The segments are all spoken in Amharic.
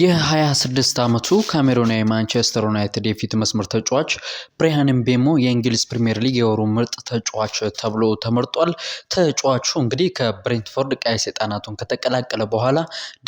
የ26 ዓመቱ ካሜሮና ማንቸስተር ዩናይትድ የፊት መስመር ተጫዋች ብሪያን ምቤሞ የእንግሊዝ ፕሪምየር ሊግ የወሩ ምርጥ ተጫዋች ተብሎ ተመርጧል። ተጫዋቹ እንግዲህ ከብሬንትፎርድ ቀይ ሰይጣናቱን ከተቀላቀለ በኋላ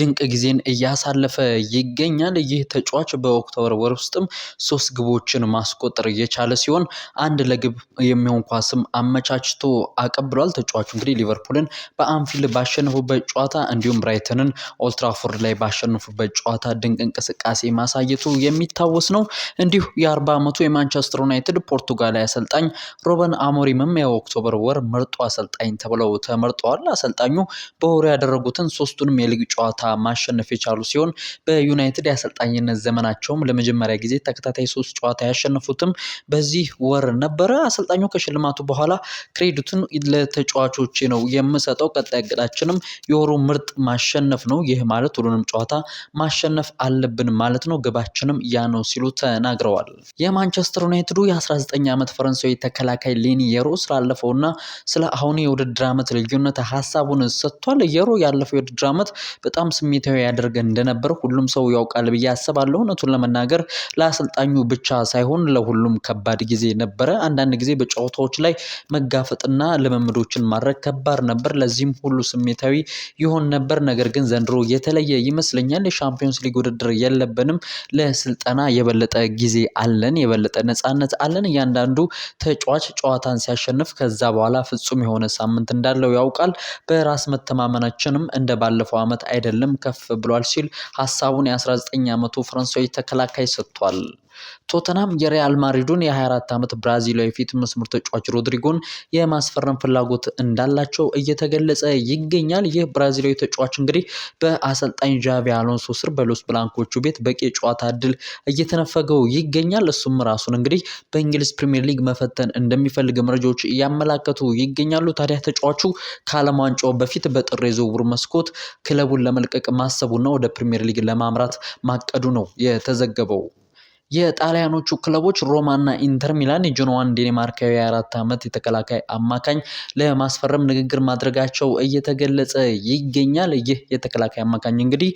ድንቅ ጊዜን እያሳለፈ ይገኛል። ይህ ተጫዋች በኦክቶበር ወር ውስጥም ሶስት ግቦችን ማስቆጠር የቻለ ሲሆን አንድ ለግብ የሚሆን ኳስም አመቻችቶ አቀብሏል። ተጫዋቹ እንግዲህ ሊቨርፑልን በአንፊልድ ባሸነፉበት ጨዋታ እንዲሁም ብራይተንን ኦልትራፎርድ ላይ ባሸነፉበት ጨዋታ ጨዋታ ድንቅ እንቅስቃሴ ማሳየቱ የሚታወስ ነው። እንዲሁ የአርባ ዓመቱ የማንቸስተር ዩናይትድ ፖርቱጋላዊ አሰልጣኝ ሮበን አሞሪምም የኦክቶበር ወር ምርጡ አሰልጣኝ ተብለው ተመርጠዋል። አሰልጣኙ በወሩ ያደረጉትን ሶስቱንም የሊግ ጨዋታ ማሸነፍ የቻሉ ሲሆን በዩናይትድ የአሰልጣኝነት ዘመናቸውም ለመጀመሪያ ጊዜ ተከታታይ ሶስት ጨዋታ ያሸነፉትም በዚህ ወር ነበረ። አሰልጣኙ ከሽልማቱ በኋላ ክሬዲቱን ለተጫዋቾች ነው የምሰጠው። ቀጣይ እቅዳችንም የወሩ ምርጥ ማሸነፍ ነው። ይህ ማለት ሁሉንም ጨዋታ ማሸነፍ ማሸነፍ አለብን ማለት ነው፣ ግባችንም ያ ነው ሲሉ ተናግረዋል። የማንቸስተር ዩናይትዱ የ19 ዓመት ፈረንሳዊ ተከላካይ ሌኒ የሮ ስላለፈውና ስለ አሁኑ የውድድር ዓመት ልዩነት ሀሳቡን ሰጥቷል። የሮ ያለፈው የውድድር ዓመት በጣም ስሜታዊ ያደርገ እንደነበር ሁሉም ሰው ያውቃል ብዬ አስባለሁ። እውነቱን ለመናገር ለአሰልጣኙ ብቻ ሳይሆን ለሁሉም ከባድ ጊዜ ነበረ። አንዳንድ ጊዜ በጨዋታዎች ላይ መጋፈጥና ልምምዶችን ማድረግ ከባድ ነበር። ለዚህም ሁሉ ስሜታዊ ይሆን ነበር። ነገር ግን ዘንድሮ የተለየ ይመስለኛል የሻምፒዮን የቻምፒዮንስ ሊግ ውድድር የለብንም። ለስልጠና የበለጠ ጊዜ አለን፣ የበለጠ ነፃነት አለን። እያንዳንዱ ተጫዋች ጨዋታን ሲያሸንፍ ከዛ በኋላ ፍጹም የሆነ ሳምንት እንዳለው ያውቃል። በራስ መተማመናችንም እንደ ባለፈው ዓመት አይደለም ከፍ ብሏል ሲል ሀሳቡን የ19 ዓመቱ ፈረንሳዊ ተከላካይ ሰጥቷል። ቶተናም የሪያል ማድሪዱን የ24 ዓመት ብራዚላዊ ፊት መስመር ተጫዋች ሮድሪጎን የማስፈረም ፍላጎት እንዳላቸው እየተገለጸ ይገኛል። ይህ ብራዚላዊ ተጫዋች እንግዲህ በአሰልጣኝ ጃቪ አሎንሶ ስር በሎስ ብላንኮቹ ቤት በቂ የጨዋታ እድል እየተነፈገው ይገኛል። እሱም ራሱን እንግዲህ በእንግሊዝ ፕሪምየር ሊግ መፈተን እንደሚፈልግ መረጃዎች እያመላከቱ ይገኛሉ። ታዲያ ተጫዋቹ ከዓለም ዋንጫው በፊት በጥር የዝውውር መስኮት ክለቡን ለመልቀቅ ማሰቡና ወደ ፕሪምየር ሊግ ለማምራት ማቀዱ ነው የተዘገበው። የጣሊያኖቹ ክለቦች ሮማና ኢንተር ሚላን የጀኖዋን ዴንማርካዊ የአራት ዓመት የተከላካይ አማካኝ ለማስፈረም ንግግር ማድረጋቸው እየተገለጸ ይገኛል። ይህ የተከላካይ አማካኝ እንግዲህ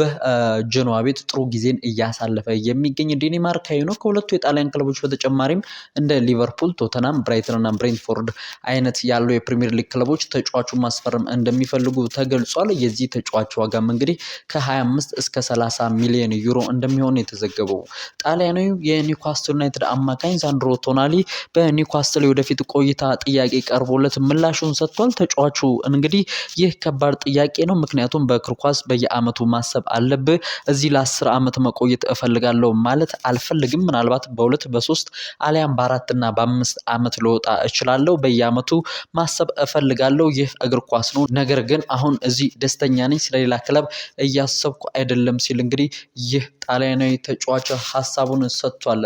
በጀኖዋ ቤት ጥሩ ጊዜን እያሳለፈ የሚገኝ ዴንማርካዊ ነው። ከሁለቱ የጣሊያን ክለቦች በተጨማሪም እንደ ሊቨርፑል፣ ቶተናም፣ ብራይተን እና ብሬንትፎርድ አይነት ያሉ የፕሪሚየር ሊግ ክለቦች ተጫዋቹን ማስፈረም እንደሚፈልጉ ተገልጿል። የዚህ ተጫዋች ዋጋም እንግዲህ ከ25 እስከ 30 ሚሊዮን ዩሮ እንደሚሆን የተዘገበው ጣሊያናዊው የኒውካስትል ዩናይትድ አማካኝ ሳንድሮ ቶናሊ በኒውካስትል የወደፊት ቆይታ ጥያቄ ቀርቦለት ምላሹን ሰጥቷል። ተጫዋቹ እንግዲህ ይህ ከባድ ጥያቄ ነው፣ ምክንያቱም በእግር ኳስ በየአመቱ ማሰብ አለብህ። እዚህ ለአስር አመት መቆየት እፈልጋለሁ ማለት አልፈልግም። ምናልባት በሁለት በሶስት አሊያም ና በአምስት አመት ልወጣ እችላለሁ። በየአመቱ ማሰብ እፈልጋለሁ። ይህ እግር ኳስ ነው። ነገር ግን አሁን እዚህ ደስተኛ ነኝ፣ ስለሌላ ክለብ እያሰብኩ አይደለም ሲል እንግዲህ ይህ ጣሊያናዊ ተጫዋች ሀሳቡን ሰጥቷል።